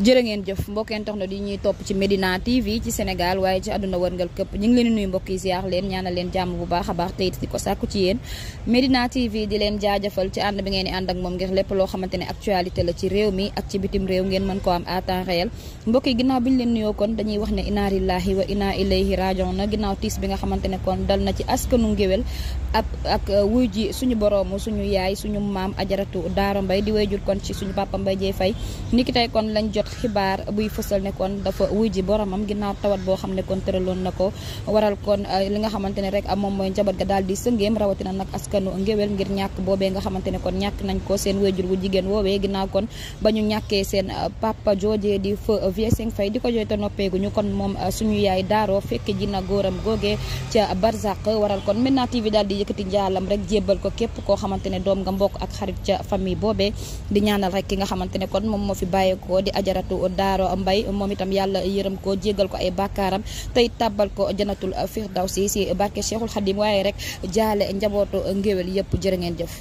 jërë ngeen jëf mbokkeen tax na di ñuy topp ci Medina TV ci Sénégal waaye ci àdduna wërngal këpp ñu leen di nuyu mbokk leen ñaanal leen jàmm bu baax a baax teyit di ko sàkku ci yéen Medina TV di leen jaajëfal ci ànd bi ngeen di ànd ak moom ngir lépp loo xamante ne actualité la ci réew mi ak ci bitim réew ngeen mën ko am à temps réel mbokk yi ginnaaw bi ñu leen nuyoo kon dañuy wax ne inna lillahi wa inna ilayhi rajiun na ginnaaw tiis bi nga xamante ne kon dal na ci askanu ngéwél ak ak wuy ji suñu boroomu suñu yaay suñu maam ajaratu daara mbay di wéyjur kon ci suñu papa mbay jee fay xibaar buy fësal ne kon dafa wuy ji boromam ginnaaw tawat boo xam ne kon tëraloon na ko waral kon eh, li nga xamante ne rek eh, moom mooy njaboot ga daal di sëngeem rawatina nag askanu ngéwél ngir ñàkk boobee nga xamante ne kon ñàkk nañ ko seen wéjur wu jigéen woowee ginnaaw kon ba ñu ñàkkee seen eh, papa joojee di fa vie di ko jooy te noppeeguñu kon moom suñu yaay daaroo fekk ji na góoram googee ca barzak waral kon Médina TV daal di yëkkati njaalam rek jébbal ko képp koo xamante ne doom nga mbokk ak xarit ca famille boobee di ñaanal rek ki nga xamante ne kon moom moo fi bàyyeekoo di aja ajaratu daaro mbay moom itam yàlla yërëm ko jéggal ko ay bakkaaram tey tàbbal ko janatul firdaw si si barke cheikhul xadim waaye rek jaale njabootu ngéwél yëpp jërë ngeen jëf